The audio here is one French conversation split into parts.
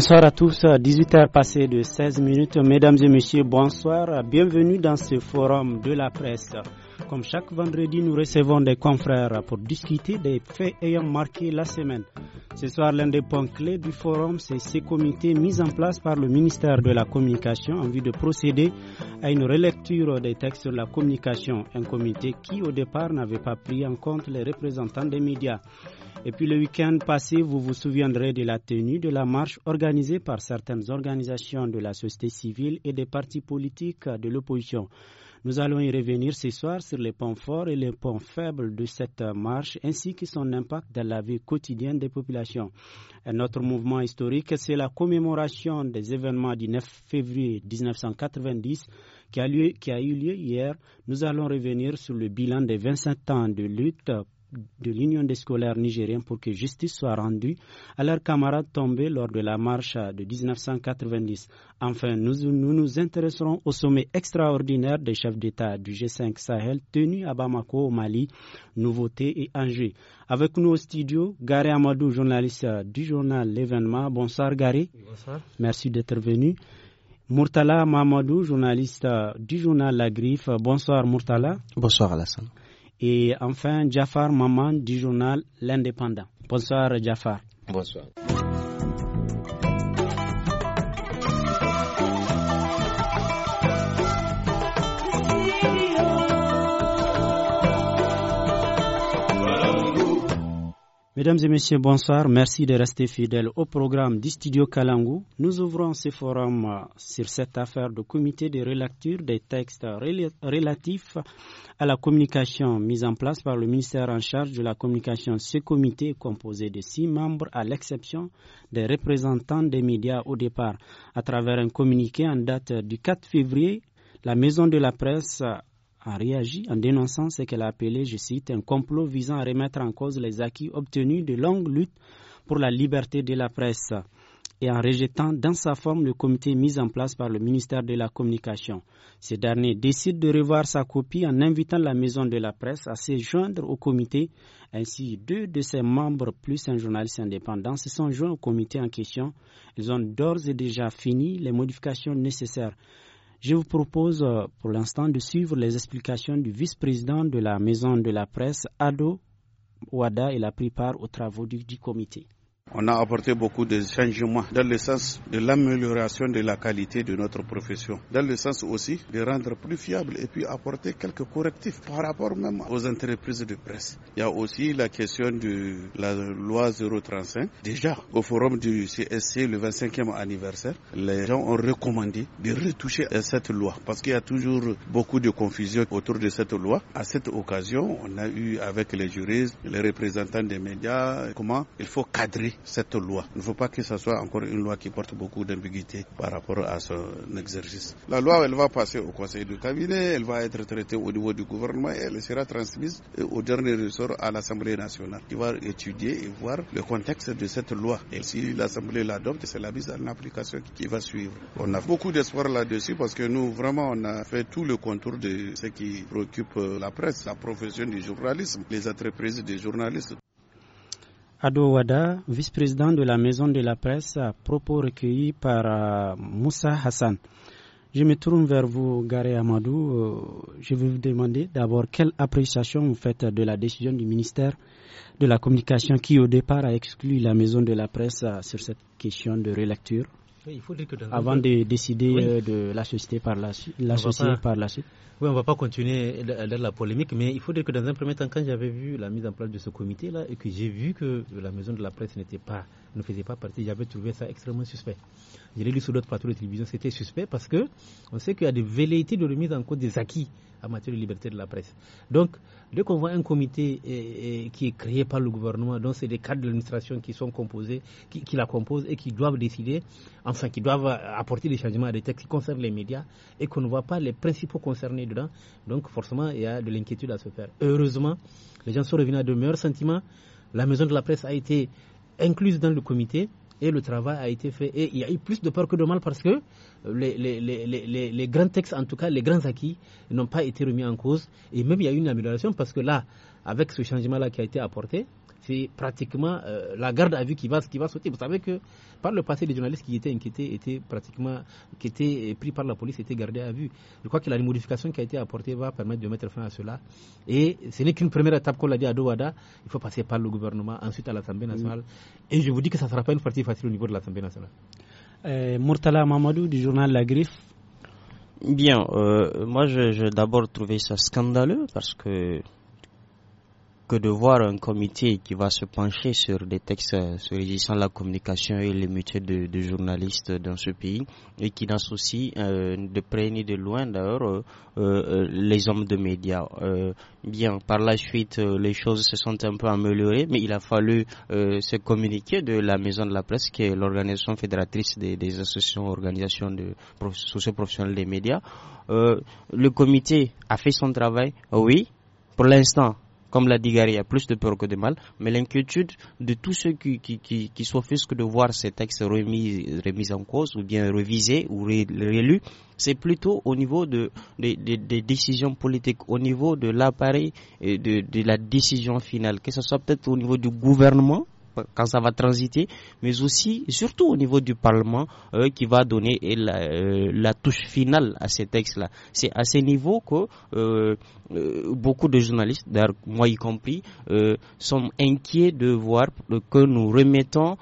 Bonsoir à tous, 18h passées de 16 minutes. Mesdames et messieurs, bonsoir. Bienvenue dans ce forum de la presse. Comme chaque vendredi, nous recevons des confrères pour discuter des faits ayant marqué la semaine. Ce soir, l'un des points clés du forum, c'est ce comité mis en place par le ministère de la Communication en vue de procéder à une relecture des textes sur la communication. Un comité qui, au départ, n'avait pas pris en compte les représentants des médias. Et puis le week-end passé, vous vous souviendrez de la tenue de la marche organisée par certaines organisations de la société civile et des partis politiques de l'opposition. Nous allons y revenir ce soir sur les points forts et les points faibles de cette marche ainsi que son impact dans la vie quotidienne des populations. Un autre mouvement historique, c'est la commémoration des événements du 9 février 1990 qui a, qui a eu lieu hier. Nous allons revenir sur le bilan des 27 ans de lutte de l'Union des scolaires nigériens pour que justice soit rendue à leurs camarades tombés lors de la marche de 1990. Enfin, nous nous, intéresserons au sommet extraordinaire des chefs d'État du G5 Sahel tenu à Bamako au Mali, Nouveauté et Angers. Avec nous au studio, Gary Amadou, journaliste du journal L'événement. Bonsoir Gary. Bonsoir. Merci d'être venu. Murtala Mamadou, journaliste du journal La Griffe. Bonsoir Murtala. Bonsoir Alassane et enfin Jafar Maman du journal L'Indépendant. Bonsoir Jafar. Bonsoir. Mesdames et messieurs, bonsoir. Merci de rester fidèles au programme du studio Kalangu. Nous ouvrons ce forum euh, sur cette affaire de comité de relecture des textes relatifs à la communication mise en place par le ministère en charge de la communication. Ce comité est composé de six membres à l'exception des représentants des médias au départ. À travers un communiqué en date du 4 février, la maison de la presse a réagi en dénonçant ce qu'elle a appelé, je cite, un complot visant à remettre en cause les acquis obtenus de longues luttes pour la liberté de la presse et en rejetant dans sa forme le comité mis en place par le ministère de la Communication. Ce dernier décide de revoir sa copie en invitant la maison de la presse à se joindre au comité. Ainsi, deux de ses membres plus un journaliste indépendant se sont joints au comité en question. Ils ont d'ores et déjà fini les modifications nécessaires. Je vous propose euh, pour l'instant de suivre les explications du vice-président de la maison de la presse, Ado Ouada. et a pris aux travaux du comité. On a apporté beaucoup de changements dans le sens de l'amélioration de la qualité de notre profession, dans le sens aussi de rendre plus fiable et puis apporter quelques correctifs par rapport même aux entreprises de presse. Il y a aussi la question de la loi 035. Déjà, au forum du CSC, le 25e anniversaire, les gens ont recommandé de retoucher cette loi parce qu'il y a toujours beaucoup de confusion autour de cette loi. À cette occasion, on a eu avec les juristes, les représentants des médias, comment il faut cadrer cette loi. Il ne faut pas que ce soit encore une loi qui porte beaucoup d'ambiguïté par rapport à son exercice. La loi, elle va passer au conseil du cabinet, elle va être traitée au niveau du gouvernement et elle sera transmise euh, au dernier ressort à l'Assemblée nationale qui va étudier et voir le contexte de cette loi. Et si l'Assemblée l'adopte, c'est la mise en application qui va suivre. On a beaucoup d'espoir là-dessus parce que nous, vraiment, on a fait tout le contour de ce qui préoccupe la presse, la profession du journalisme, les entreprises des journalistes. Ado Wada, vice-président de la Maison de la Presse, à propos recueillis par euh, Moussa Hassan. Je me tourne vers vous, Gare Amadou. Euh, je vais vous demander d'abord quelle appréciation vous faites de la décision du ministère de la Communication qui, au départ, a exclu la Maison de la Presse euh, sur cette question de relecture avant de décider euh, de l'associer par la, par la suite. Oui, on ne va pas continuer la polémique, mais il faut dire que dans un premier temps, quand j'avais vu la mise en place de ce comité-là et que j'ai vu que la maison de la presse pas, ne faisait pas partie, j'avais trouvé ça extrêmement suspect je l'ai lu sur d'autres plateaux de télévision, c'était suspect parce que on sait qu'il y a des velléités de remise en cause des acquis en matière de liberté de la presse. Donc, dès qu'on voit un comité eh, eh, qui est créé par le gouvernement, donc c'est des cadres de l'administration qui sont composés, qui, la composent et qui doivent décider, enfin qui doivent apporter des changements à des textes qui concernent les médias et qu'on ne voit pas les principaux concernés dedans, donc forcément il y a de l'inquiétude à se faire. Heureusement, les gens sont revenus à de meilleurs sentiments. La maison de la presse a été incluse dans le comité et le travail a été fait. Et il y a eu plus de peur que de mal parce que les, grands textes, en tout cas les grands acquis, n'ont pas été remis en cause. Et même il y a eu une amélioration parce que là, avec ce changement-là qui a été apporté, c'est pratiquement euh, la garde à vue qui va, qui va sauter. Vous savez que par le passé, les journalistes qui étaient inquiétés étaient pratiquement, qui étaient pris par la police, étaient gardés à vue. Je crois que la modification qui a été apportée va permettre de mettre fin à cela. Et ce n'est qu'une première étape qu'on l'a dit à Douada. Il faut passer par le gouvernement, ensuite à l'Assemblée nationale. Et je vous dis que ça ne sera pas une partie facile au niveau de l'Assemblée nationale. Euh, Murtala Mamadou du journal La Griffe. Bien, euh, moi j'ai d'abord trouvé ça scandaleux parce que que de voir un comité qui va se pencher sur des textes euh, se régissant la communication et les métiers de, journalistes dans ce pays et qui n'associe euh, de près ni de loin d'ailleurs euh, euh, les hommes de médias. bien, par la suite, les choses se sont un peu améliorées, mais il a fallu se communiquer de la Maison de la Presse, qui est l'organisation fédératrice des, associations, organisations de socioprofessionnelles des médias. le comité a fait son travail, oui, pour l'instant, comme l'a dit Gary, il y a plus de peur que de mal. Mais l'inquiétude de tous ceux qui, qui, qui, s'offusquent de voir ces textes remis, remis en cause ou bien revisés ou rélus, c'est plutôt au niveau des décisions politiques, au niveau de l'appareil et de la décision finale, que ce soit peut-être au niveau du gouvernement quand ça va transiter, mais aussi, surtout au niveau du Parlement, euh, qui va donner euh, euh, la, touche finale à ces textes-là. C'est à ces niveaux que beaucoup de journalistes, moi y compris, sont inquiets de voir que nous remettons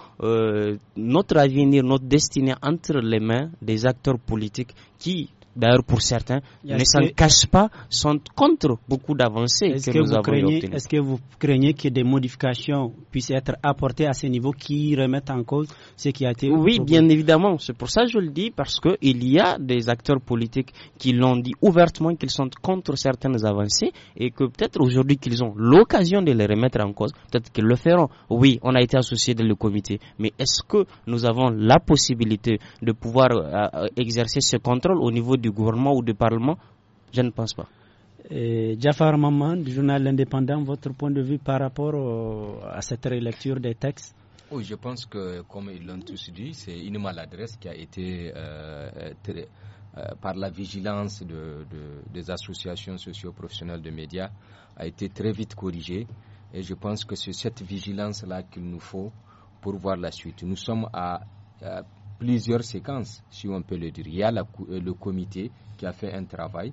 notre avenir, notre destinée entre les mains des acteurs politiques qui D'ailleurs, pour certains, ne s'en cachent pas, sont contre beaucoup d'avancées que, nous avons obtenues. Est-ce que vous craignez que des modifications puissent être apportées à ce niveau qui remettent en cause ce qui a été... Oui, bien évidemment. C'est pour ça que je le dis, parce qu'il y a des acteurs politiques qui l'ont dit ouvertement qu'ils sont contre certaines avancées et que peut-être aujourd'hui qu'ils ont l'occasion de les remettre en cause, peut-être qu'ils le feront. Oui, on a été associé dans le comité, mais est-ce que nous avons la possibilité de pouvoir euh, euh, exercer ce contrôle au niveau du du gouvernement ou du parlement Je ne pense pas. Et Jafar Maman, du journal indépendant, votre point de vue par rapport à cette relecture des textes Oui, je pense que, comme ils l'ont tous dit, c'est une maladresse qui a été euh, euh, par la vigilance des associations socio-professionnelles de médias, a été très vite corrigée. Et je pense que c'est cette vigilance-là qu'il nous faut pour voir la suite. Nous sommes à plusieurs séquences, si on peut le dire. Il y a euh, le comité qui a fait un travail,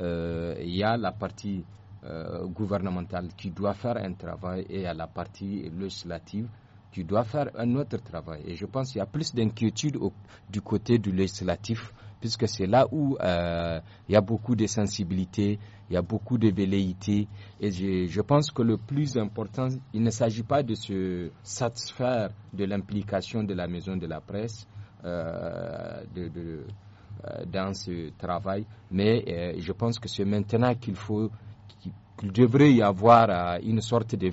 euh, il y a la partie euh, gouvernementale qui doit faire un travail et il y a la partie législative qui doit faire un autre travail. Et je pense qu'il y a plus d'inquiétude du côté du législatif, puisque c'est là où il y a beaucoup de sensibilité, il y a beaucoup de velléité. Et je pense que le plus important, il ne s'agit pas de se satisfaire de l'implication de la maison de la presse, euh, de, euh, dans ce travail. Mais euh, je pense que c'est maintenant qu'il faut qu'il devrait y avoir une sorte de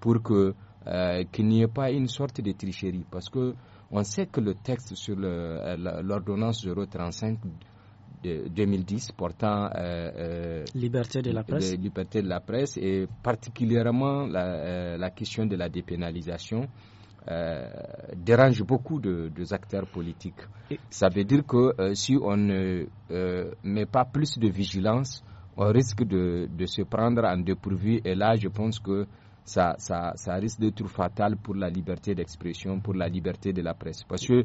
pour que qu'il n'y ait pas une sorte de tricherie parce que on sait que le texte sur l'ordonnance 035 de 2010 portant liberté de la presse liberté de la presse et particulièrement la, la question de la dépénalisation euh, dérange beaucoup de, des acteurs politiques. Ça veut dire que euh, si on ne euh, met pas plus de vigilance, on risque de, se prendre en dépourvu. Et là, je pense que ça, ça, risque d'être fatal pour la liberté d'expression, pour la liberté de la presse. Parce que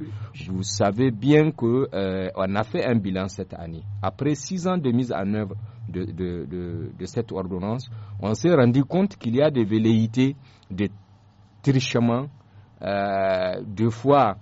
vous savez bien qu'on on a fait un bilan cette année. Après six ans de mise en œuvre de, cette ordonnance, on s'est rendu compte qu'il y a des velléités de trichement euh, deux fois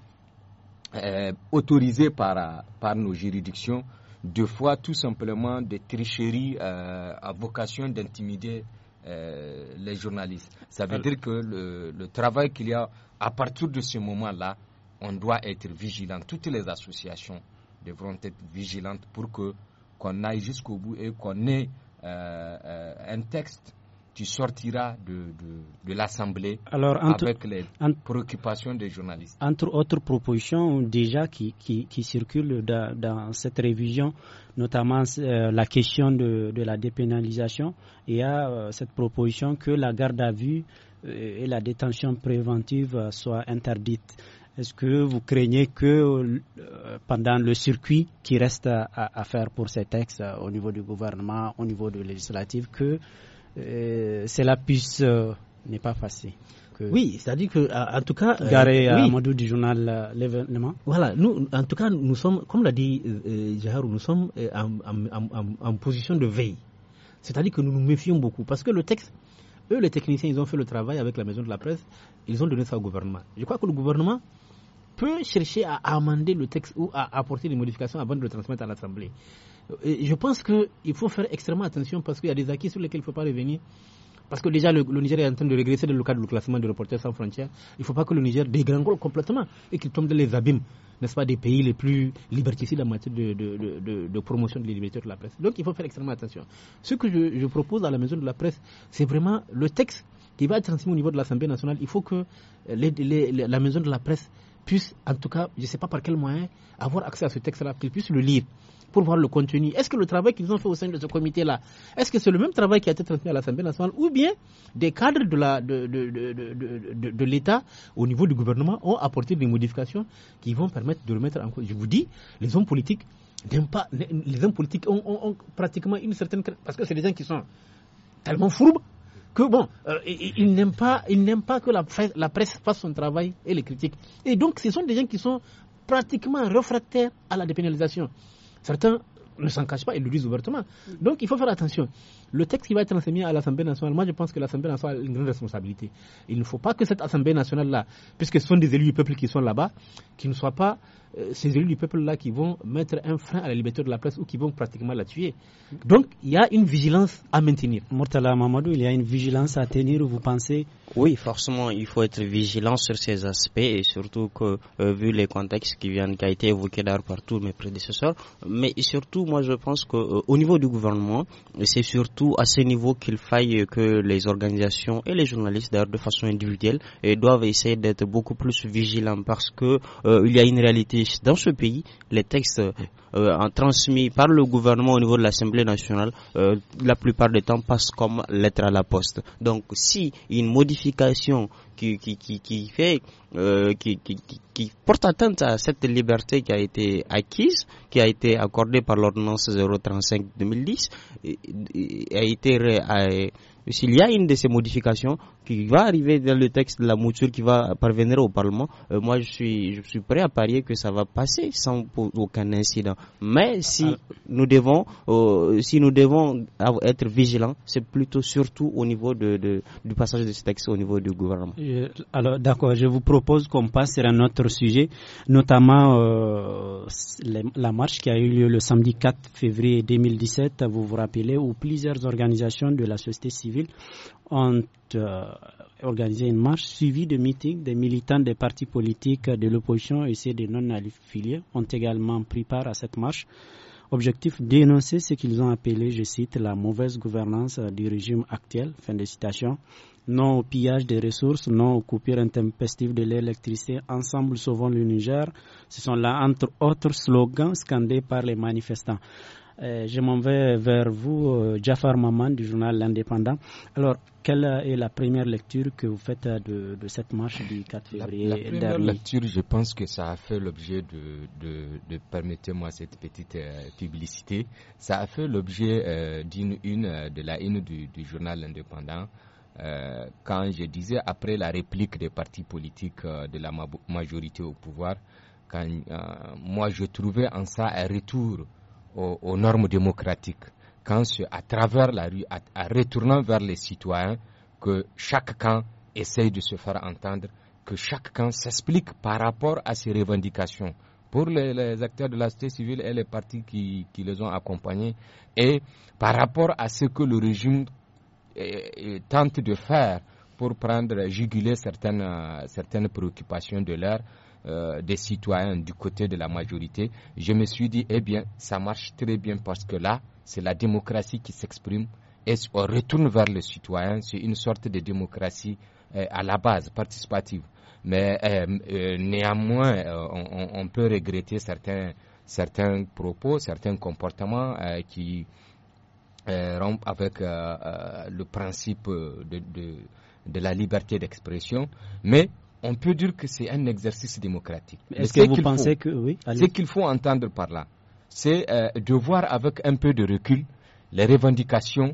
euh, autorisés par, par nos juridictions, deux fois tout simplement des tricheries euh, à vocation d'intimider les journalistes. Ça veut dire que le, le travail qu'il y a à partir de ce moment-là, on doit être vigilant. Toutes les associations devront être vigilantes pour que qu'on aille jusqu'au bout et qu'on ait un texte tu sortiras de, l'Assemblée avec les préoccupations des journalistes. Entre autres propositions déjà qui, qui, circulent dans, cette révision, notamment euh, la question de, la dépénalisation, il y a euh, cette proposition que la garde à vue euh, et la détention préventive soient interdites. Est-ce que vous craignez que pendant le circuit qui reste à, faire pour ces textes au niveau du gouvernement, au niveau de législatif, que euh, Cela la puce n'est pas facile. oui, c'est-à-dire que, euh, en tout cas. Euh, Garé du journal L'événement. Voilà, nous, en tout cas, nous sommes, comme l'a dit nous sommes en, en, position de veille. C'est-à-dire que nous nous méfions beaucoup. Parce que le texte, eux, les techniciens, ils ont fait le travail avec la maison de la presse, ils ont donné ça au gouvernement. Je crois que le gouvernement peut chercher à amender le texte ou à apporter des modifications avant de le transmettre à l'Assemblée je pense qu'il faut faire extrêmement attention parce qu'il y a des acquis sur lesquels il ne faut pas revenir. Parce que déjà, le, Niger est en train de régresser dans le cadre du classement de Reporters sans frontières. Il ne faut pas que le Niger dégringole complètement et qu'il tombe dans les abîmes, n'est-ce pas, des pays les plus liberticides en matière de, promotion de la liberté de la presse. Donc, il faut faire extrêmement attention. Ce que je, propose à la maison de la presse, c'est vraiment le texte qui va être transmis au niveau de l'Assemblée nationale. Il faut que la maison de la presse puisse, en tout cas, je ne sais pas par quel moyen, avoir accès à ce texte-là, qu'il puisse le lire pour voir le contenu. Est-ce que le travail qu'ils ont fait au sein de ce comité-là, est-ce que c'est le même travail qui a été transmis à l'Assemblée nationale ou bien des cadres de, l'État au niveau du gouvernement ont apporté des modifications qui vont permettre de remettre en cause Je vous dis, les hommes politiques n'aiment pas, les hommes politiques ont, pratiquement une certaine... Parce que c'est des gens qui sont tellement fourbes que bon, euh, ils n'aiment pas, ils n'aiment pas que la presse, la presse fasse son travail et les critiques. Et donc, ce sont des gens qui sont pratiquement réfractaires à la dépénalisation. Certains ne s'en cachent pas, et le disent ouvertement. Donc il faut faire attention. Le texte qui va être enseigné à l'Assemblée nationale, moi je pense que l'Assemblée nationale a une grande responsabilité. Il ne faut pas que cette Assemblée nationale-là, puisque ce sont des élus du peuple qui sont là-bas, qu'ils ne soient pas euh, ces élus du peuple-là qui vont mettre un frein à la liberté de la presse ou qui vont pratiquement la tuer. Donc il y a une vigilance à maintenir. Mortala Mamadou, il y a une vigilance à tenir, vous pensez oui, forcément, il faut être vigilant sur ces aspects et surtout que, euh, vu les contextes qui viennent, qui été évoqué d'ailleurs par tous mes prédécesseurs, mais surtout, moi, je pense que euh, au niveau du gouvernement, c'est surtout à ce niveau qu'il faille que les organisations et les journalistes, d'ailleurs, de façon individuelle, doivent essayer d'être beaucoup plus vigilants parce que euh, il y a une réalité dans ce pays, les textes transmis par le gouvernement au niveau de l'Assemblée nationale, la plupart du temps passent comme lettre à la poste. Donc, si une modification modification qui, fait, euh, qui, qui, porte atteinte à cette liberté qui a été acquise, qui a été accordée par l'ordonnance 035-2010, a été, s'il y a une de ces modifications, qui va arriver dans le texte de la mouture qui va parvenir au Parlement, euh, moi je suis, je suis prêt à parier que ça va passer sans aucun incident. Mais si nous devons, euh, si nous devons être vigilants, c'est plutôt surtout au niveau de, du passage de ce texte au niveau du gouvernement. alors d'accord, je vous propose qu'on passe à un autre sujet, notamment euh, la marche qui a eu lieu le samedi 4 février 2017, vous vous rappelez, où plusieurs organisations de la société civile ont euh, organisé une marche suivie de meetings des militants des partis politiques de l'opposition et ceux des non-affiliés ont également pris part à cette marche. Objectif dénoncer ce qu'ils ont appelé, je cite, la mauvaise gouvernance euh, du régime actuel, fin de citation, non au pillage des ressources, non aux coupures intempestives de l'électricité, ensemble sauvons le Niger. Ce sont là, entre autres, slogans scandés par les manifestants. Euh, je m'en vais vers vous, euh, Jafar Maman du journal L'Indépendant. Alors, quelle est la première lecture que vous faites euh, de, cette marche du 4 février dernier la première lecture, je pense que ça a fait l'objet de, de, permettez-moi cette petite publicité, ça a fait l'objet d'une une de la une du, journal l'indépendant quand je disais après la réplique des partis politiques de la majorité au pouvoir, quand, moi je trouvais en ça un retour aux, normes démocratiques, quand c'est à travers la rue, à, retournant vers les citoyens, que chaque camp essaye de se faire entendre, que chaque camp s'explique par rapport à ses revendications pour les, acteurs de la société civile et les partis qui, les ont accompagnés, et par rapport à ce que le régime eh, eh, tente de faire pour prendre, juguler certaines, euh, certaines préoccupations de l'air, euh, des citoyens du côté de la majorité, je me suis dit, eh bien, ça marche très bien parce que là, c'est la démocratie qui s'exprime et on retourne vers les citoyens. C'est une sorte de démocratie euh, à la base, participative. Mais euh, euh néanmoins, on, peut regretter certains, certains propos, certains comportements qui rompent avec le principe de, de de la liberté d'expression, mais on peut dire que c'est un exercice démocratique. Est-ce que vous pensez que oui Ce qu'il faut entendre par là, c'est euh, de voir avec un peu de recul les revendications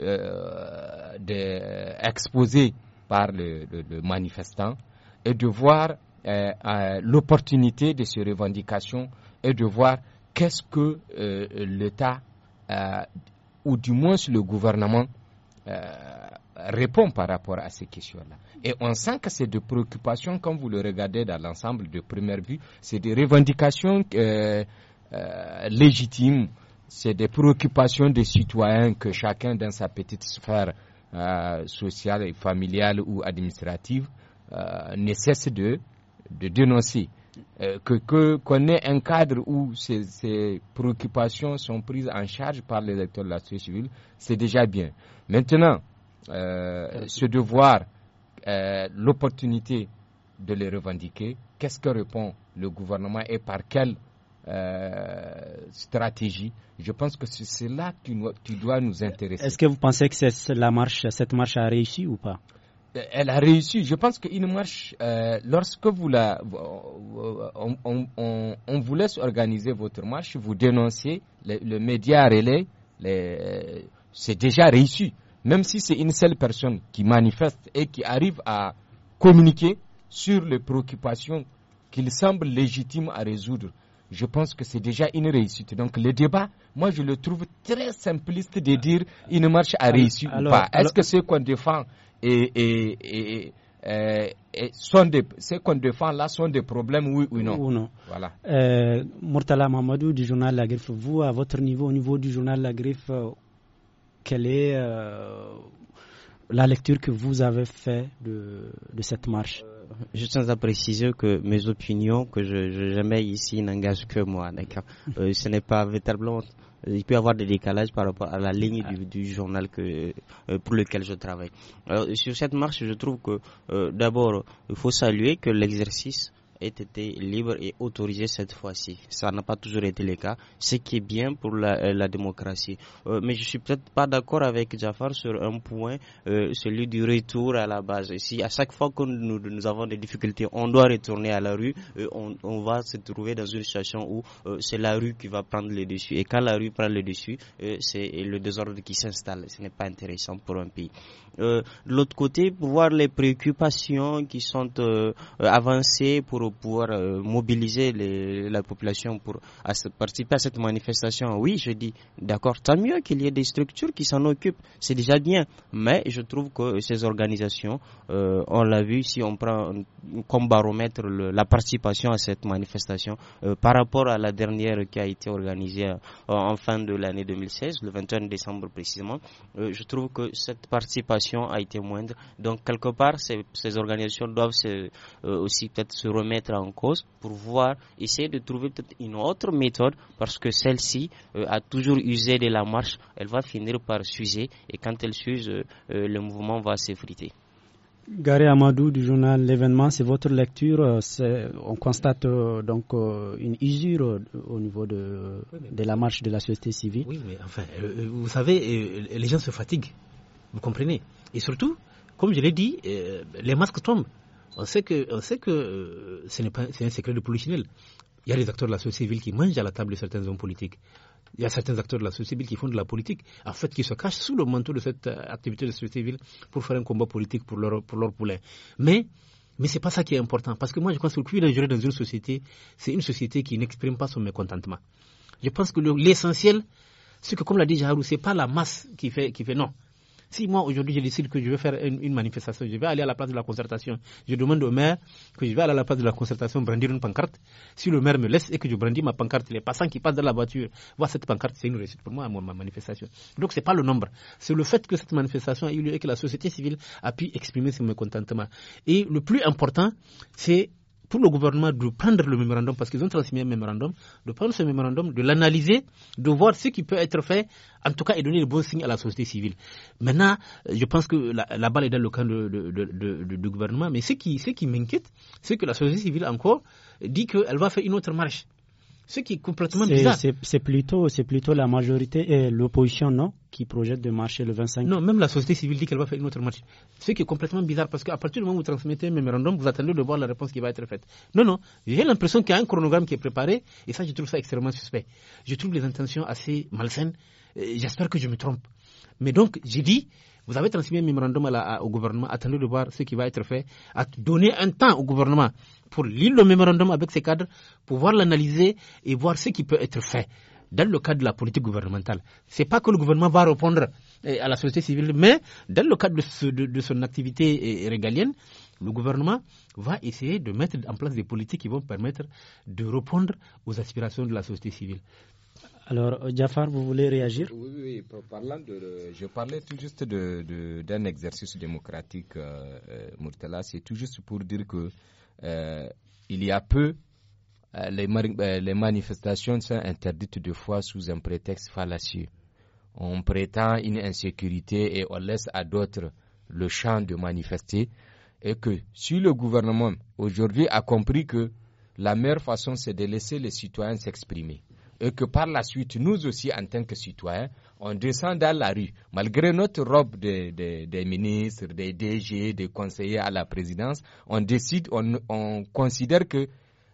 euh, euh, exposées par le, manifestant et de voir l'opportunité de ces revendications et de voir qu'est-ce que l'État ou du moins le gouvernement répond par rapport à ces questions-là. Et on sent que c'est des préoccupations, quand vous le regardez dans l'ensemble de première vue, c'est des revendications euh, euh, légitimes, c'est des préoccupations des citoyens que chacun dans sa petite sphère euh, sociale et familiale ou administrative euh, ne cesse de, de dénoncer. Euh, que qu'on ait un cadre où ces, ces, préoccupations sont prises en charge par les acteurs de la société civile, c'est déjà bien. Maintenant, euh, euh ce devoir euh, l'opportunité de les revendiquer. Qu'est-ce que répond le gouvernement et par quelle euh, stratégie Je pense que c'est là que tu dois nous intéresser. Est-ce que vous pensez que la marche, cette marche a réussi ou pas euh, elle a réussi. Je pense qu'une marche, lorsque vous la, on, vous laisse organiser votre marche, vous dénoncez le, le média relais, c'est déjà réussi même si c'est une seule personne qui manifeste et qui arrive à communiquer sur les préoccupations qu'il semble légitime à résoudre, je pense que c'est déjà une réussite. Donc le débat, moi je le trouve très simpliste de dire une marche à réussir ou pas. Est-ce que ce qu'on défend et, euh, qu'on défend là sont des problèmes, oui ou non. Ou non. Euh, Mamadou du journal La Griffe, vous, à votre niveau, au niveau du journal La Griffe, euh, quelle est euh, la lecture que vous avez faite de, cette marche euh, je tiens à préciser que mes opinions que je, je jamais ici n'engagent que moi, d'accord. Euh, ce n'est pas véritablement. Il peut y avoir des décalages par rapport à la ligne du, journal que, pour lequel je travaille. sur cette marche, je trouve que d'abord, il faut saluer que l'exercice aient été libre et autorisé cette fois-ci. Ça n'a pas toujours été le cas, ce qui est bien pour la, euh, démocratie. Euh, mais je suis peut-être pas d'accord avec Jafar sur un point, euh, celui du retour à la base. Si à chaque fois que nous, avons des difficultés, on doit retourner à la rue, on, on, va se trouver dans une situation où c'est la rue qui va prendre le dessus. Et quand la rue prend le dessus, c'est le désordre qui s'installe. Ce n'est pas intéressant pour un pays. de l'autre côté, pour voir les préoccupations qui sont avancées pour pour pouvoir euh, mobiliser la population pour participer à cette manifestation. Oui, je dis, d'accord, tant mieux qu'il y ait des structures qui s'en occupent, c'est déjà bien. Mais je trouve que ces organisations, euh, on l'a vu, si on prend comme baromètre la participation à cette manifestation euh, par rapport à la dernière qui a été organisée en fin de l'année 2016, le 21 décembre précisément, je trouve que cette participation a été moindre. Donc quelque part, ces, organisations doivent aussi peut-être se remettre en cause pour voir, essayer de trouver peut-être une autre méthode parce que celle-ci euh, a toujours usé de la marche, elle va finir par s'user et quand elle s'use, euh, euh, le mouvement va s'effriter. Gary Amadou du journal L'événement, c'est votre lecture. On constate donc une usure au niveau de, de, la marche de la société civile. Oui, mais enfin, vous savez, les gens se fatiguent. Vous comprenez Et surtout, comme je l'ai dit, les masques tombent. On sait que, on sait que euh, ce n'est pas c'est un secret de pollutionnel. Il y a des acteurs de la société civile qui mangent à la table de certains hommes politiques. Il y a certains acteurs de la société civile qui font de la politique, en fait, qui se cachent sous le manteau de cette euh, activité de la société civile pour faire un combat politique pour leur, pour leur poulet. Mais mais ce n'est pas ça qui est important. Parce que moi, je pense que le plus dangereux dans une société, c'est une société qui n'exprime pas son mécontentement. Je pense que l'essentiel, c'est que, comme l'a dit Jaharou, ce n'est pas la masse qui fait, qui fait non. Si moi, aujourd'hui, je décide que je veux faire une, manifestation, je vais aller à la place de la concertation, je demande au maire que je vais aller à la place de la concertation brandir une pancarte. Si le maire me laisse et que je brandis ma pancarte, les passants qui passent dans la voiture voient cette pancarte, c'est une réussite pour moi, ma manifestation. Donc, c'est pas le nombre. C'est le fait que cette manifestation a eu lieu et que la société civile a pu exprimer son mécontentement. Et le plus important, c'est pour le gouvernement de prendre le mémorandum, parce qu'ils ont transmis un mémorandum, de prendre ce mémorandum, de l'analyser, de voir ce qui peut être fait, en tout cas, et donner le bon signe à la société civile. Maintenant, euh, je pense que la, balle est dans le camp du gouvernement, mais ce qui, ce qui m'inquiète, c'est que la société civile encore dit qu'elle va faire une autre marche ce qui est complètement bizarre. C'est plutôt, plutôt la majorité et l'opposition, non Qui projette de marcher le 25 Non, même la société civile dit qu'elle va faire une autre marche. Ce qui est complètement bizarre parce qu'à partir du moment où vous transmettez un mémorandum, vous attendez de voir la réponse qui va être faite. Non, non, j'ai l'impression qu'il y a un chronogramme qui est préparé et ça, je trouve ça extrêmement suspect. Je trouve les intentions assez malsaines. J'espère que je me trompe. Mais donc, j'ai dit, vous avez transmis un mémorandum au gouvernement, attendez de voir ce qui va être fait, à donner un temps au gouvernement pour lire le mémorandum avec ses cadres, pouvoir l'analyser et voir ce qui peut être fait dans le cadre de la politique gouvernementale. Ce n'est pas que le gouvernement va répondre eh, à la société civile, mais dans le cadre de son activité eh, régalienne, le gouvernement va essayer de mettre en place des politiques qui vont permettre de répondre aux aspirations de la société civile. Alors, Jafar, vous voulez réagir Oui, oui, Parlant de, euh, je parlais tout juste d'un exercice démocratique, euh, euh, Murtala. C'est tout juste pour dire que euh, il y a peu, les, manifestations sont interdites deux fois sous un prétexte fallacieux. On prétend une insécurité et on laisse à d'autres le champ de manifester. Et que si le gouvernement aujourd'hui a compris que la meilleure façon, c'est de laisser les citoyens s'exprimer et que par la suite, nous aussi, en tant que citoyens, on descend dans la rue, malgré notre robe de, de, des ministres, des DG, des conseillers à la présidence, on décide, on, considère que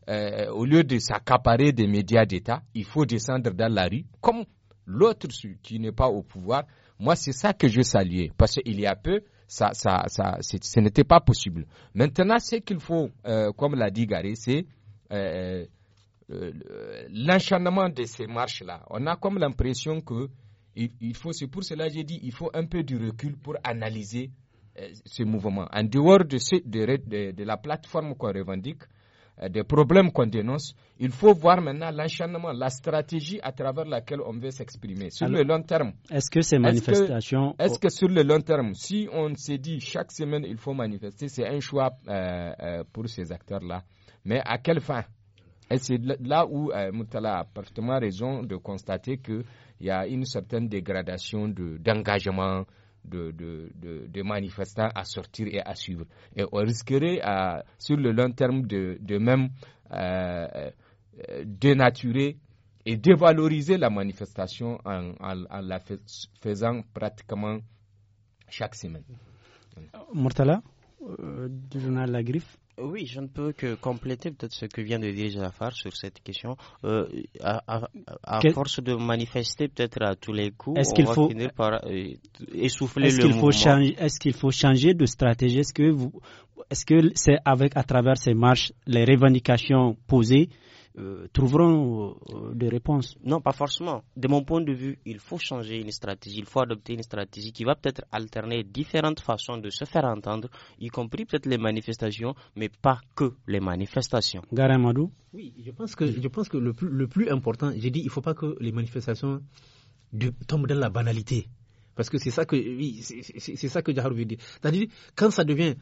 euh, au lieu de s'accaparer des médias d'État, il faut descendre dans la rue, comme l'autre qui n'est pas au pouvoir. Moi, c'est ça que je saluais, parce qu'il y a peu, ça, ça, ça ce n'était pas possible. Maintenant, ce qu'il faut, euh, comme l'a dit Garé, c'est euh, l'enchaînement de ces marches-là. On a comme l'impression que il, faut, c'est pour cela que j'ai dit, il faut un peu du recul pour analyser ces euh, ce mouvement. En dehors de, de, la plateforme qu'on revendique, euh, des problèmes qu'on dénonce, il faut voir maintenant l'enchaînement, la stratégie à travers laquelle on veut s'exprimer sur le long terme. Est-ce que ces manifestations. Est-ce que, sur le long terme, si on se dit chaque semaine il faut manifester, c'est un choix euh, pour ces acteurs-là, mais à quelle fin et c'est là où euh, Murtala a parfaitement raison de constater qu'il y a une certaine dégradation d'engagement de, de, de, de, manifestants à sortir et à suivre. Et on risquerait à, sur le long terme de, même euh, euh, dénaturer et dévaloriser la manifestation en, en, la faisant pratiquement chaque semaine. Murtala, du journal La Griffe, oui, je ne peux que compléter peut-être ce que vient de dire Jafar sur cette question. Euh, à, force de manifester peut-être à tous les coups, est-ce euh, qu'il faut... essouffler Faut changer, est-ce qu'il faut changer de stratégie Est-ce que, vous... est-ce que c'est avec, à travers ces marches, les revendications posées euh, trouveront euh, des réponses. Non, pas forcément. De mon point de vue, il faut changer une stratégie, il faut adopter une stratégie qui va peut-être alterner différentes façons de se faire entendre, y compris peut-être les manifestations, mais pas que les manifestations. Garamadou Oui, je pense que, je pense que le, plus, important, j'ai dit, il ne faut pas que les manifestations tombent dans la banalité. Parce que c'est ça que, oui, c'est ça que veut dire. C'est-à-dire, quand ça devient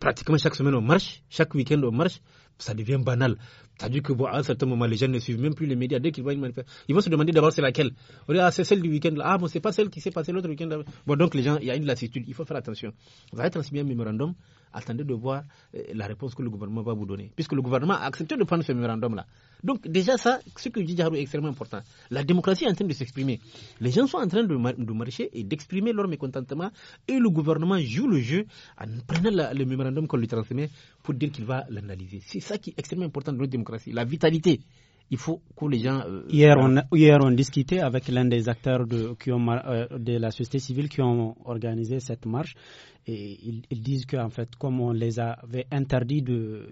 pratiquement chaque semaine on marche, chaque week-end on marche, ça devient banal. C'est-à-dire que, à un certain moment, les gens ne suivent même plus les médias. Dès qu'ils voient une manifestation, ils vont se demander d'abord c'est laquelle. On dit, ah, c'est celle du week-end. Ah, bon, c'est pas celle qui s'est passée l'autre week-end. Bon, donc les gens, il y a une lassitude. Il faut faire attention. Vous allez transmettre un mémorandum. Attendez de voir euh, la réponse que le gouvernement va vous donner. Puisque le gouvernement a accepté de prendre ce mémorandum-là. Donc, déjà, ça, ce que dit est extrêmement important. La démocratie est en train de s'exprimer. Les gens sont en train de, marcher et d'exprimer leur mécontentement. Et le gouvernement joue le jeu en prenant le mémorandum qu'on lui transmet pour dire qu'il va l'analyser. C'est ça qui est extrêmement important dans notre démocratie, la vitalité il faut que les gens. Euh, hier, on hier, discutait avec l'un des acteurs euh, de la société civile qui ont organisé cette marche et ils, disent qu'en fait, comme on les avait interdits de.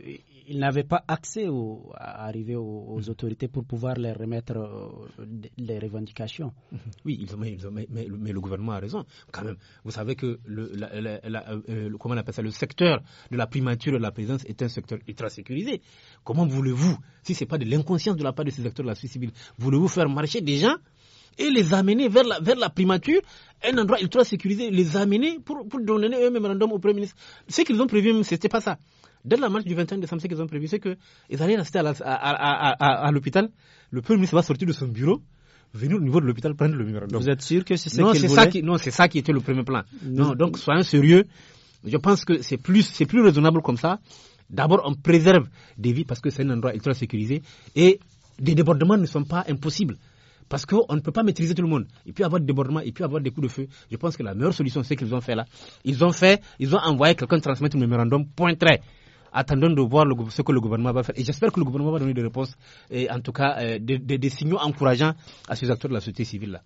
Ils n'avaient pas accès à arriver aux, mhm. autorités pour pouvoir leur remettre euh, les revendications. Mhm. Oui, ils mais, le gouvernement a raison. Quand même, vous savez que le, la, euh, le secteur de la primature et de la présence est un secteur ultra sécurisé. Comment voulez-vous, si ce n'est pas de l'inconscience de la part de ces acteurs de la société civile, voulez-vous faire marcher des gens et les amener vers la, vers la primature, un endroit ultra sécurisé, les amener pour, pour donner un mémorandum au Premier ministre. Ce qu'ils ont prévu, ce n'était pas ça. Dès la marche du 21 décembre, ce qu'ils ont prévu, c'est qu'ils allaient rester à l'hôpital. Le Premier ministre va sortir de son bureau venir au niveau de l'hôpital prendre le mémorandum Vous êtes sûr que c'est ça qu'ils voulaient qui, Non, c'est ça qui était le premier plan. Non, donc soyons sérieux. Je pense que c'est plus, c'est plus raisonnable comme ça. D'abord, on préserve des vies parce que c'est un endroit ultra sécurisé et des débordements ne sont pas impossibles. Parce qu'on ne peut pas maîtriser tout le monde. Il peut y avoir des débordements, il peut y avoir des coups de feu. Je pense que la meilleure solution, c'est ce qu'ils ont fait là. Ils ont fait, ils ont envoyé quelqu'un transmettre un mémorandum, point très attendant de voir ce que le gouvernement va faire. Et j'espère que le gouvernement va donner des réponses, et en tout cas euh, des, signaux encourageants à ces acteurs de la société civile. là.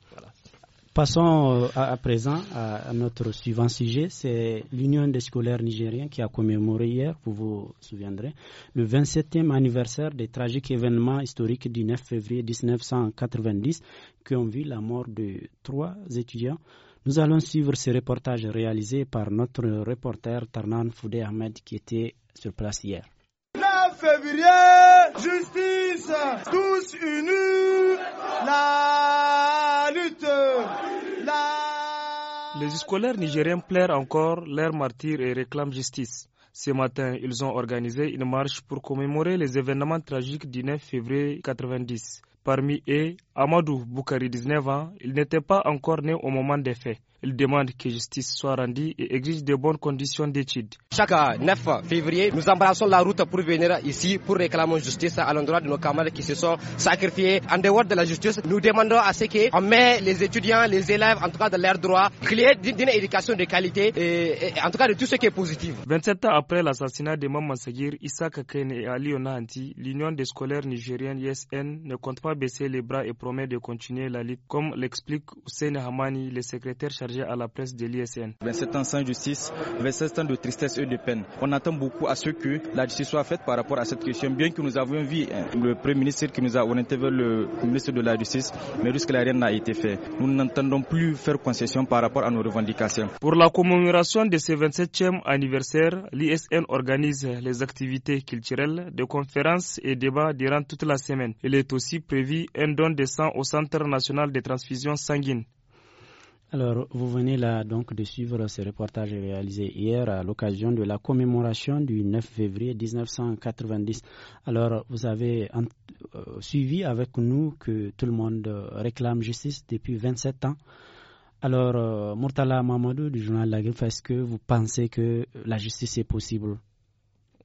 Passons euh, à, présent à, notre suivant sujet. C'est l'Union des scolaires nigériens qui a commémoré hier, vous vous souviendrez, le 27e anniversaire des tragiques événements historiques du 9 février 1990 qui ont vu la mort de trois étudiants. Nous allons suivre ce reportage réalisé par notre reporter Tarnan Foudé Ahmed qui était sur place hier. 9 février, justice, tous unis, la Les scolaires nigériens plairent encore leur martyr et réclament justice. Ce matin, ils ont organisé une marche pour commémorer les événements tragiques du 9 février 90. Parmi eux, Amadou Boukari, 19 ans, il n'était pas encore né au moment des faits. Il demande que justice soit rendue et exige de bonnes conditions d'études. Chaque 9 février, nous embrassons la route pour venir ici pour réclamer justice à l'endroit de nos camarades qui se sont sacrifiés. En dehors de la justice, nous demandons à ce qu'on met les étudiants, les élèves, en tout cas de leurs droits, créer une éducation de qualité et, en tout cas de tout ce qui est positif. 27 ans après l'assassinat de Maman Sagir, Issa Kakene et Ali Onahanti, l'Union des scolaires nigériens ISN ne compte pas baisser les bras et promet de continuer la lutte, comme l'explique Hussein Hamani, le secrétaire chargé à la presse de l'ISN. 27 ans sans justice, 27 ans de tristesse et de peine. On attend beaucoup à ce que la justice soit faite par rapport à cette question, bien que nous avons vu hein, le Premier ministre qui nous a orienté vers le ministre de la Justice, mais jusqu'à rien n'a été fait. Nous n'entendons plus faire concession par rapport à nos revendications. Pour la commémoration de ce 27e anniversaire, l'ISN organise les activités culturelles, des conférences et débats durant toute la semaine. Il est aussi prévu un don de sang au Centre national de transfusion sanguine. Alors, vous venez là donc de suivre ce reportage réalisé hier à l'occasion de la commémoration du 9 février 1990. Alors, vous avez euh, suivi avec nous que tout le monde euh, réclame justice depuis 27 ans. Alors, euh, Murtala Mamadou du journal La Griffe, est-ce que vous pensez que la justice est possible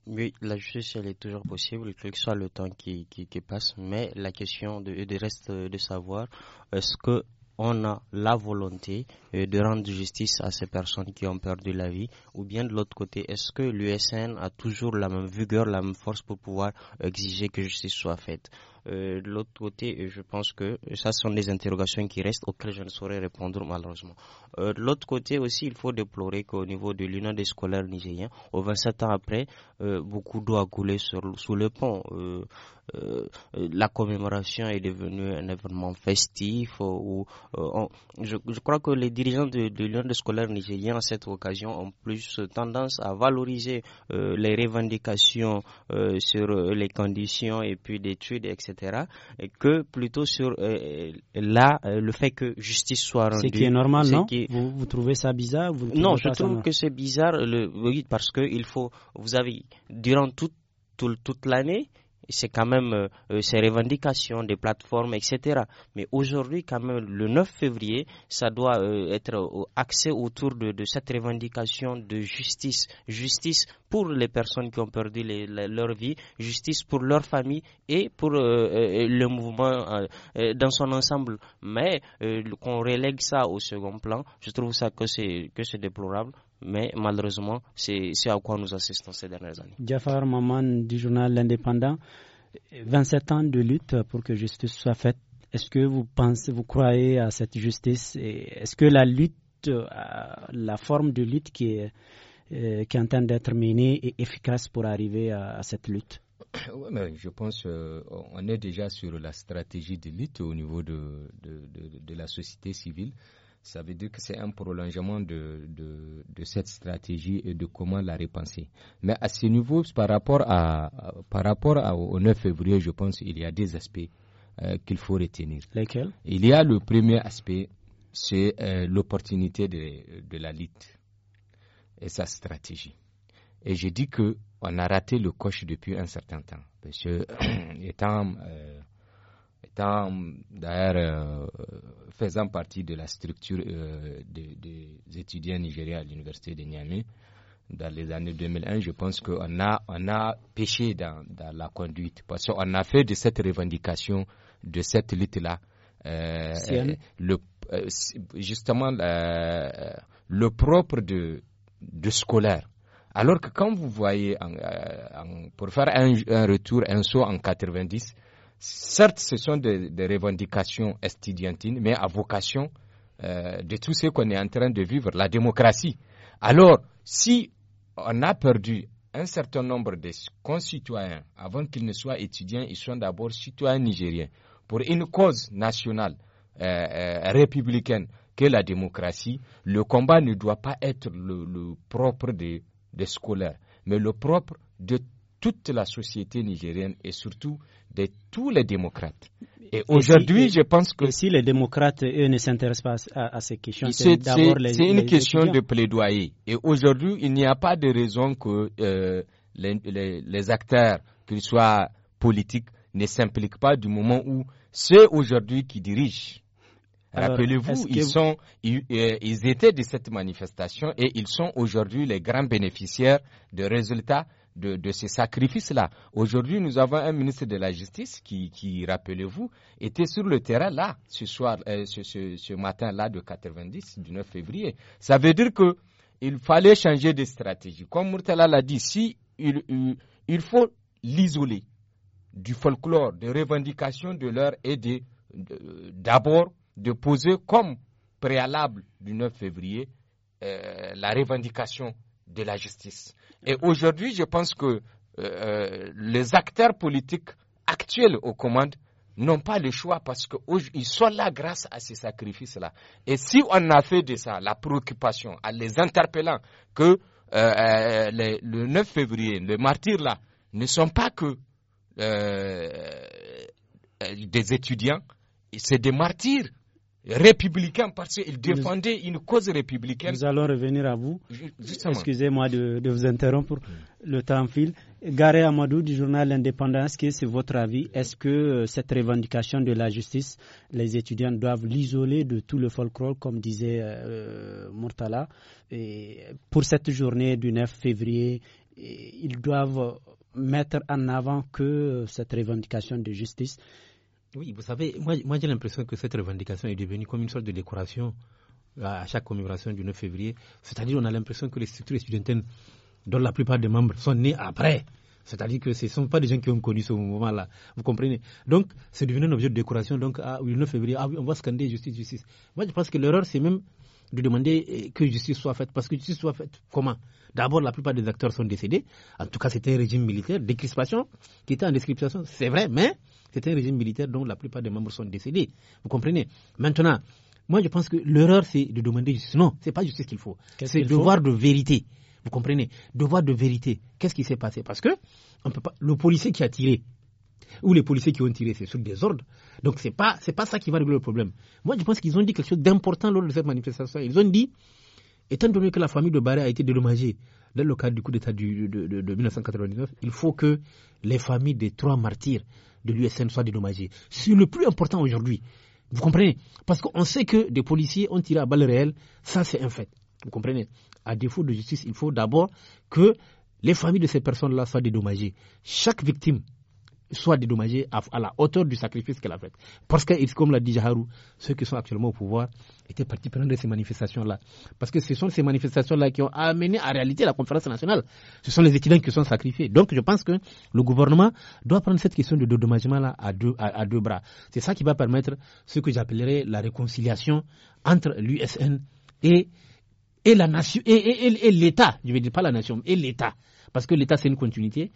oui, la justice, elle est toujours possible, quel que soit le temps qui, passe. Mais la question de, de reste de savoir, est-ce que on a la volonté euh, de rendre justice à ces personnes qui ont perdu la vie Ou bien de l'autre côté, est-ce que l'USN a toujours la même vigueur, la même force pour pouvoir exiger que justice soit faite euh, de l'autre côté, euh, je pense que ça sont des interrogations qui restent auxquelles je ne saurais répondre malheureusement. Euh, de l'autre côté aussi, il faut déplorer qu'au niveau de l'Union des scolaires nigériens, au 27 ans après, beaucoup d'eau a coulé sur, sous le pont. la commémoration est devenue un événement festif où je, crois que les dirigeants de, l'Union des scolaires nigériens à cette occasion ont plus tendance à valoriser les revendications sur les conditions et puis d'études, etc que plutôt sur euh, euh, là, euh, le fait que justice soit rendue. c'est qui est normal, non vous, trouvez ça bizarre Non, je trouve que c'est bizarre, le, oui, parce que il faut, vous avez, durant toute l'année, c'est quand même euh, euh, ces revendications des plateformes, etc. Mais aujourd'hui, quand même, le 9 février, ça doit euh, être axé autour de, cette revendication de justice. Justice pour les personnes qui ont perdu leur vie, justice pour leur famille et pour le mouvement dans son ensemble. Mais qu'on relègue ça au second plan, je trouve ça que c'est déplorable mais malheureusement, c'est à quoi nous assistons ces dernières années. Jafar Maman du journal L'Indépendant, 27 ans de lutte pour que justice soit faite. Est-ce que vous pensez, vous croyez à cette justice Est-ce que la lutte, euh, la forme de lutte qui est, euh, qui en train d'être menée est efficace pour arriver à, cette lutte oui, mais je pense qu'on euh, est déjà sur la stratégie de lutte au niveau de la société civile. Ça veut dire que c'est un prolongement de, de, cette stratégie et de comment la repenser. Mais à ce niveau, par rapport, à, par rapport au 9 février, je pense qu'il y a des aspects euh, qu'il faut retenir. Lesquels Il y a le premier aspect, c'est euh, l'opportunité de, de, la Lite et sa stratégie. Et je dis qu'on a raté le coche depuis un certain temps. Parce que, étant. Euh, étant d'ailleurs euh, faisant partie de la structure euh, des, étudiants nigériens à l'université de Niamey, dans les années 2001, je pense qu'on a, on a péché dans, la conduite. Parce qu'on a fait de cette revendication, de cette lutte-là, euh, le, justement le propre de, de scolaire. Alors que quand vous voyez, pour faire un, un, retour, un saut en 90, certes, ce sont des, revendications estudiantines, mais à vocation euh, de tout ce qu'on est en train de vivre, la démocratie. Alors, si on a perdu un certain nombre de concitoyens, avant qu'ils ne soient étudiants, ils sont d'abord citoyens nigériens, pour une cause nationale, euh, euh, républicaine, que la démocratie, le combat ne doit pas être le, propre des, scolaires, mais le propre de toute la société nigérienne et surtout de tous les démocrates. Et aujourd'hui, je pense que... si les démocrates, eux, ne s'intéressent pas à, ces questions, c'est d'abord les C'est une question de plaidoyer. Et aujourd'hui, il n'y a pas de raison que euh, les, acteurs, qu'ils soient politiques, ne s'impliquent pas du moment où c'est aujourd'hui qui dirigent. Rappelez-vous, ils, euh, ils étaient de cette manifestation et ils sont aujourd'hui les grands bénéficiaires de résultats de, ces sacrifices-là. Aujourd'hui, nous avons un ministre de la Justice qui, qui rappelez-vous, était sur le terrain là, ce soir, euh, ce, matin-là de 90, du 9 février. Ça veut dire que il fallait changer de stratégie. Comme Murtala l'a dit, si il, faut l'isoler du folklore, des revendications de l'heure et d'abord de, poser comme préalable du 9 février euh, la revendication de la justice. Et aujourd'hui, je pense que euh, euh, les acteurs politiques actuels aux commandes n'ont pas le choix parce qu'ils sont là grâce à ces sacrifices-là. Et si on a fait de ça la préoccupation, à les interpellant que euh, le 9 février, les martyrs-là, ne sont pas que des étudiants, c'est des martyrs républicain parce qu'il défendait une cause républicaine. Nous allons revenir à vous. Excusez-moi de, de, vous interrompre, le temps file. Garé Amadou du journal Indépendance, que c'est votre avis Est-ce que euh, cette revendication de la justice, les étudiants doivent l'isoler de tout le folklore, comme disait euh, Murtala Et Pour cette journée du 9 février, ils doivent mettre en avant que euh, cette revendication de justice oui, vous savez, moi, j'ai l'impression que cette revendication est devenue comme une sorte de décoration euh, à chaque commémoration du 9 février. C'est-à-dire on a l'impression que les structures étudiantes dont la plupart des membres sont nés après. C'est-à-dire que ce ne sont pas des gens qui ont connu ce moment-là. Vous comprenez Donc, c'est devenu un objet de décoration. Donc, ah, le 9 février, ah on va scander justice, justice. Moi, je pense que l'erreur, c'est même de demander eh, que justice soit faite. Parce que justice soit faite comment D'abord, la plupart des acteurs sont décédés. En tout cas, c'était un régime militaire, décrispation, qui était en description. C'est vrai, mais c'est un régime militaire dont la plupart des membres sont décédés. Vous comprenez Maintenant, moi je pense que l'erreur c'est de demander justice. Non, n'est pas justice qu'il faut. C'est devoir de vérité. Vous comprenez Devoir de vérité. Qu'est-ce qui s'est passé Parce que le policier qui a tiré ou les policiers qui ont tiré, c'est sur des ordres. Donc ce pas pas ça qui va régler le problème. Moi je pense qu'ils ont dit quelque chose d'important lors de cette manifestation. Ils ont dit, étant donné que la famille de Barré a été dédommagée dans le cadre du coup d'État de, 1999, il faut que les familles des trois martyrs de l'USM soit dédommagé. C'est le plus important aujourd'hui. Vous comprenez Parce qu'on sait que des policiers ont tiré à balles réelles, ça c'est un fait. Vous comprenez À défaut de justice, il faut d'abord que les familles de ces personnes-là soient dédommagées. Chaque victime soit dédommagé à, la hauteur du sacrifice qu'elle a fait. Parce que, comme l'a dit Jaharou, ceux qui sont actuellement au pouvoir étaient partis prendre ces manifestations-là. Parce que ce sont ces manifestations-là qui ont amené à réalité la conférence nationale. Ce sont les étudiants qui sont sacrifiés. Donc, je pense que le gouvernement doit prendre cette question de dédommagement-là à deux, bras. C'est ça qui va permettre ce que j'appellerais la réconciliation entre l'USN et la nation et, et l'État, je veux dire pas la nation, et l'État, parce que l'État c'est une continuité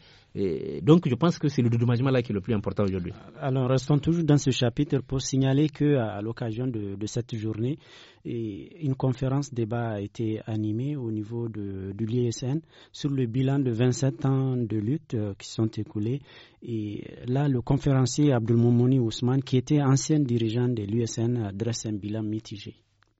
donc, je pense que c'est le dédommagement là qui est le plus important aujourd'hui. Alors, restons toujours dans ce chapitre pour signaler que, à l'occasion de, cette journée, une conférence débat a été animée au niveau de, l'USN sur le bilan de 27 ans de lutte euh, qui sont écoulés. Et là, le conférencier Abdelmoumouni Ousmane, qui était ancien dirigeant de l'USN, adresse un bilan mitigé.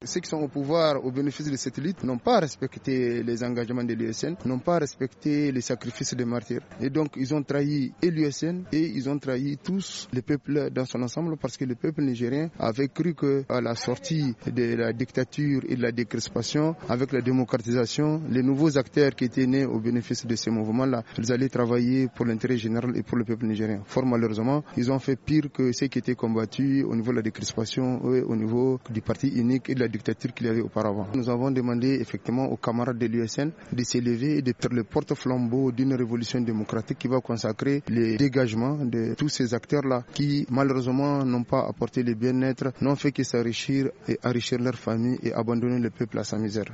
Ceux qui sont au pouvoir au bénéfice de cette lutte n'ont pas respecté les engagements de l'USN, n'ont pas respecté les sacrifices des martyrs. Et donc, ils ont trahi l'USN et ils ont trahi tous les peuples dans son ensemble parce que le peuple nigérien avait cru que à la sortie de la dictature et de la décrispation, avec la démocratisation, les nouveaux acteurs qui étaient nés au bénéfice de ces mouvements-là, ils allaient travailler pour l'intérêt général et pour le peuple nigérien. Fort malheureusement, ils ont fait pire que ceux qui étaient combattus au niveau de la décrispation, au niveau du parti unique et de la dictature qu'il y avait auparavant. Nous avons demandé effectivement aux camarades de l'USN de s'élever et de faire le porte-flambeau d'une révolution démocratique qui va consacrer les dégagements de tous ces acteurs-là qui malheureusement n'ont pas apporté le bien-être, n'ont fait que s'enrichir et enrichir leur famille et abandonner le peuple à sa misère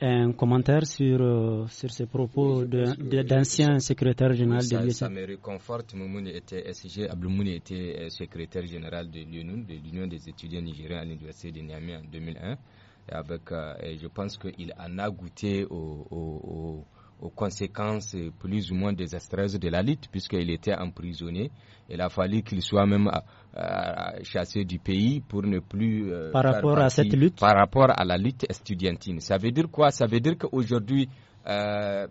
un commentaire sur, euh, sur ces propos de d'ancien secrétaire général de l'UNUN Ça me réconforte. Moumouni était SG, Mouni était euh, secrétaire général de de l'Union des étudiants nigériens à l'Université de Niamey en 2001. Et avec, euh, et je pense qu'il en a goûté au, au, au aux conséquences plus ou moins désastreuses de la lutte, puisqu'il était emprisonné. Il a fallu qu'il soit même euh, euh, chassé du pays pour ne plus... Euh, par rapport à cette lutte Par rapport à la lutte estudiantine. Ça veut dire quoi Ça veut dire qu'aujourd'hui,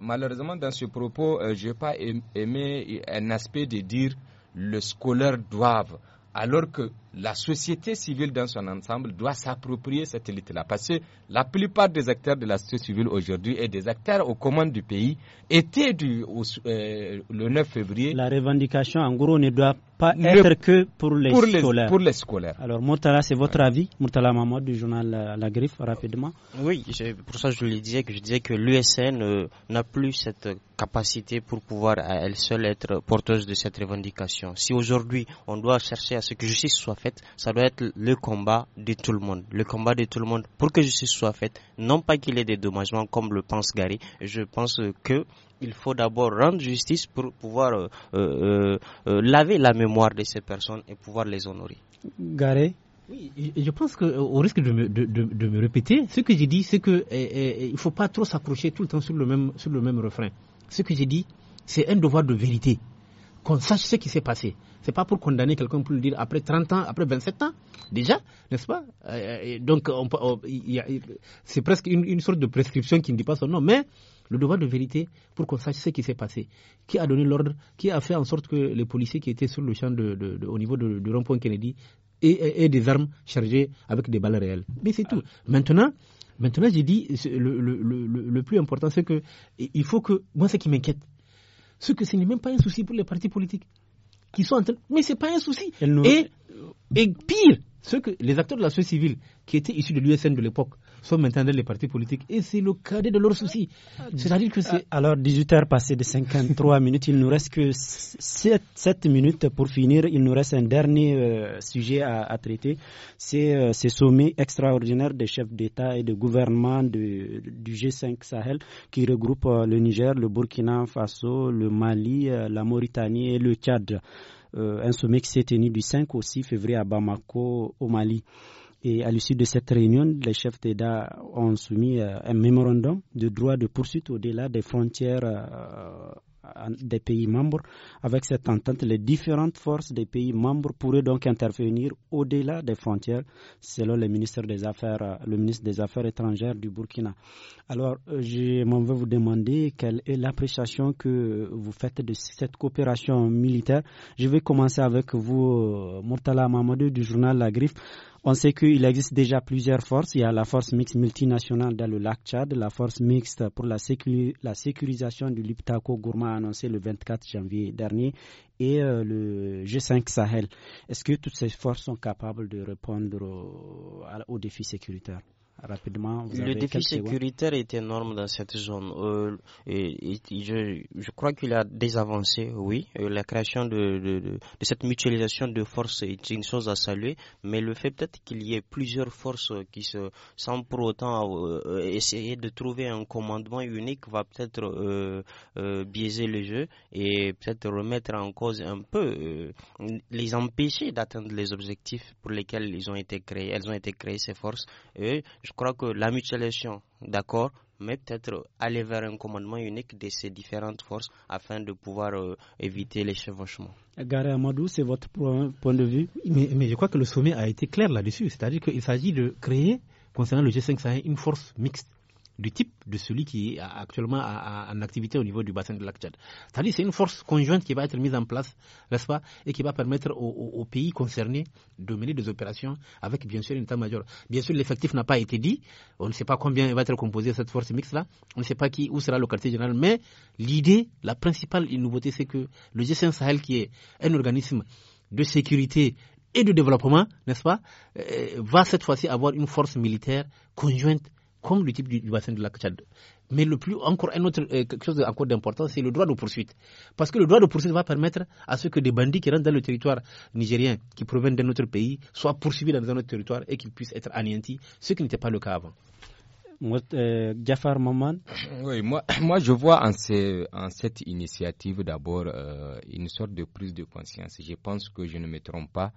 malheureusement, dans ce propos, j'ai je n'ai pas aimé un aspect de dire le scolaire doivent, alors que la société civile dans son ensemble doit s'approprier cette élite-là. Parce que la plupart des acteurs de la société civile aujourd'hui et des acteurs aux commandes du pays étaient du, euh, le 9 février. La revendication, en gros, ne doit pas être que pour les, les, scolaires. Pour les scolaires. Alors, Moutala, c'est votre avis Moutala Mamad du journal euh, la, Griffe, rapidement. Oui, pour ça je lui disais que je disais que l'USN euh, n'a plus cette capacité pour pouvoir elle seule être porteuse de cette revendication. Si aujourd'hui on doit chercher à ce que justice soit faite, ça doit être le combat de tout le monde. Le combat de tout le monde pour que justice soit faite. Non pas qu'il y ait des dommagements comme le pense Gary. Je pense que il faut d'abord rendre justice pour pouvoir euh, euh, euh, laver la mémoire de ces personnes et pouvoir les honorer. Gary, je pense que, risque de me, de, me répéter, ce que j'ai dit, c'est qu'il eh, eh, eh, il ne faut pas trop s'accrocher tout le temps sur le même, sur le même refrain. Ce que j'ai dit, c'est un devoir de vérité, qu'on sache ce qui s'est passé. C'est pas pour condamner quelqu'un pour le dire après 30 ans, après 27 ans, déjà, n'est-ce pas euh, Donc, c'est presque une, sorte de prescription qui ne dit pas son nom, mais le devoir de vérité pour qu'on sache ce qui s'est passé. Qui a donné l'ordre Qui a fait en sorte que les policiers qui étaient sur le champ au niveau du rond-point Kennedy aient, des armes chargées avec des balles réelles Mais c'est tout. Maintenant, Maintenant, j'ai dit, le, plus important, c'est que il faut que. Moi, ce qui m'inquiète, c'est que ce n'est même pas un souci pour les partis politiques qui sont en train. Mais c'est pas un souci. Et, pire, ceux que, les acteurs de la société civile qui étaient issus de l'USN de l'époque, sont maintenant les partis politiques et c'est le cadet de leurs soucis. C'est-à-dire que c'est. Euh, alors, 18 heures passées de 53 minutes, il nous reste que 7, minutes pour finir. Il nous reste un dernier euh, sujet à, traiter. C'est euh, ce sommet extraordinaire des chefs d'État et de gouvernement du G5 Sahel qui regroupe le Niger, le Burkina Faso, le Mali, la Mauritanie et le Tchad. un sommet qui s'est tenu du 5 au 6 février à Bamako, au Mali. Et à l'issue de cette réunion, les chefs d'État ont soumis euh, un mémorandum de droit de poursuite au-delà des frontières euh, des pays membres. Avec cette entente, les différentes forces des pays membres pourraient donc intervenir au-delà des frontières, selon le ministre des Affaires, euh, le ministre des Affaires étrangères du Burkina. Alors, je m'en vais vous demander quelle est l'appréciation que vous faites de cette coopération militaire. Je vais commencer avec vous, Murtala Mamadou du journal La Griffe. On sait qu'il existe déjà plusieurs forces. Il y a la force mixte multinationale dans le lac Tchad, la force mixte pour la, sécurisation du Liptako Gourma annoncée le 24 janvier dernier et euh, le G5 Sahel. Est-ce que toutes ces forces sont capables de répondre aux, aux défis sécuritaires rapidement. le défi sécuritaire est énorme dans cette zone. Euh, je, crois qu'il a des avancées, oui. Euh, la création de, cette mutualisation de forces est une chose à saluer, mais le fait peut-être qu'il y ait plusieurs forces qui se, sentent pour autant euh, essayer de trouver un commandement unique, va peut-être biaiser le jeu et peut-être remettre en cause un peu, les empêcher d'atteindre les objectifs pour lesquels ils ont été créés. Elles ont été créées ces forces. Et je crois que la mutualisation, d'accord, mais peut-être aller vers un commandement unique de ces différentes forces afin de pouvoir euh, éviter les chevauchements. Gare Amadou, c'est votre point de vue mais, je crois que le sommet a été clair là-dessus, c'est-à-dire qu'il s'agit de créer, concernant le G5 Sahel, une force mixte du type de celui qui est actuellement en activité au niveau du bassin de lac cest une force conjointe qui va être mise en place, n'est-ce pas, et qui va permettre aux, pays concernés de mener des opérations avec bien sûr une état-major. Bien sûr, l'effectif n'a pas été dit, on ne sait pas combien va être composé cette force mixte-là, on ne sait pas qui, où sera le quartier général, mais l'idée, la principale nouveauté, c'est que le G5 Sahel, qui est un organisme de sécurité et de développement, n'est-ce pas, euh, va cette fois-ci avoir une force militaire conjointe comme le type du, bassin de lac Tchad. Mais le plus, encore un autre, euh, quelque chose encore d'important, c'est le droit de poursuite. Parce que le droit de poursuite va permettre à ce que des bandits qui rentrent dans le territoire nigérien, qui proviennent d'un autre pays, soient poursuivis dans un autre territoire et qu'ils puissent être anéantis, ce qui n'était pas le cas avant. Euh, Maman Oui, moi, moi je vois en, cette initiative d'abord euh, une sorte de prise de conscience. Je pense que je ne me trompe pas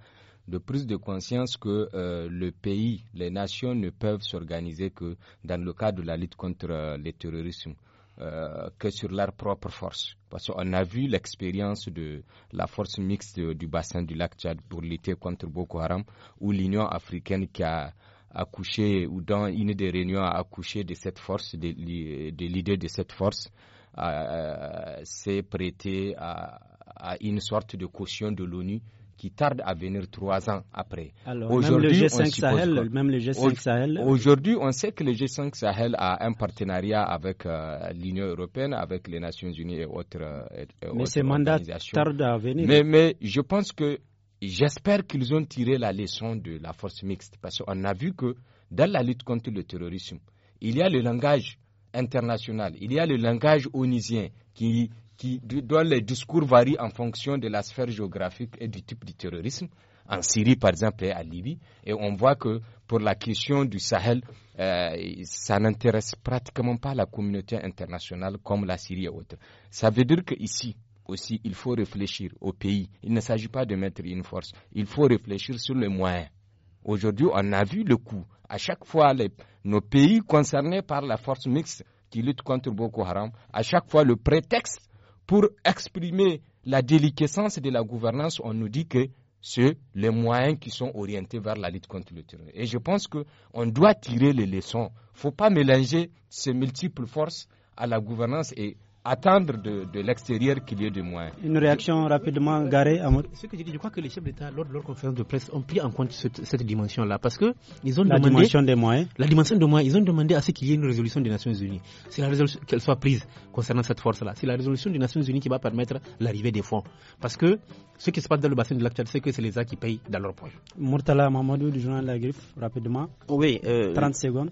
de prise de conscience que euh, le pays, les nations ne peuvent s'organiser que dans le cadre de la lutte contre euh, le terrorismes. Euh, que sur leur propre force. Parce qu'on a vu l'expérience de la force mixte du bassin du lac Tchad pour lutter contre Boko Haram, où l'Union africaine qui a accouché, ou dans une des réunions a accouché de cette force, de, l'idée de cette force, euh, s'est prêtée à, à, une sorte de caution de l'ONU qui tardent à venir trois ans après. Aujourd'hui, Aujourd'hui, on sait que le G5 Sahel a un partenariat avec euh, l'Union européenne, avec les Nations unies et autres, organisations. Euh, mais ces Mandats tardent à venir. Mais, mais je pense que j'espère qu'ils ont tiré la leçon de la force mixte, parce qu'on a vu que dans la lutte contre le terrorisme, il y a le langage international, il y a le langage onisien qui, qui, dont les discours varient en fonction de la sphère géographique et du type du terrorisme, en Syrie par exemple et à Libye. Et on voit que pour la question du Sahel, euh, ça n'intéresse pratiquement pas la communauté internationale comme la Syrie et autres. Ça veut dire qu'ici, aussi, il faut réfléchir au pays. Il ne s'agit pas de mettre une force. Il faut réfléchir sur les moyens. Aujourd'hui, on a vu le coup. À chaque fois, nos pays concernés par la force mixte qui lutte contre Boko Haram, à chaque fois, le prétexte pour exprimer la déliquescence de la gouvernance, on nous dit que c'est les moyens qui sont orientés vers la lutte contre le terrorisme. Et je pense qu'on doit tirer les leçons. Il ne faut pas mélanger ces multiples forces à la gouvernance et attendre de, de l'extérieur qu'il y ait des moyens. Une réaction rapidement garée, Ce que je dis, je crois que les chefs d'État, lors de leur conférence de presse, ont pris en compte cette, cette dimension-là parce que ils ont la demandé. La dimension des moyens. La dimension des moyens. Ils ont demandé à ce qu'il y ait une résolution des Nations Unies. C'est la résolution qu'elle soit prise concernant cette force-là. C'est la résolution des Nations Unies qui va permettre l'arrivée des fonds. Parce que ce qui se passe dans le bassin de lac c'est que c'est les A qui payent dans leur poche. Murtala Mamadou du journal La Griffe, rapidement. Oui. 30 secondes.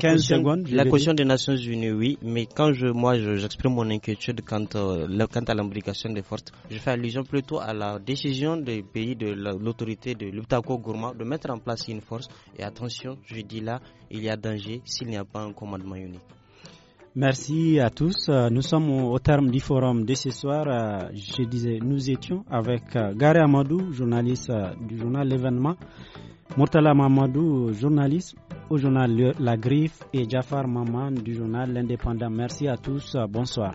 15 secondes. La question des Nations Unies, oui. Mais quand je, moi, j'exprime mon inquiétude euh, quant, à l'imbrication des forces. Je fais allusion plutôt à la décision des pays de l'autorité de l'Utako Gourma de mettre en place une force. Et attention, je dis là, il y a danger s'il n'y a pas un commandement unique. Merci à tous. Euh, nous sommes au terme du forum de ce soir. Euh, je disais, nous étions avec Gary Amadou, journaliste du journal L'événement. Murtala Mamadou, journaliste au journal La Griffe et Jafar Maman du journal L'Indépendant. Merci à tous. Bonsoir.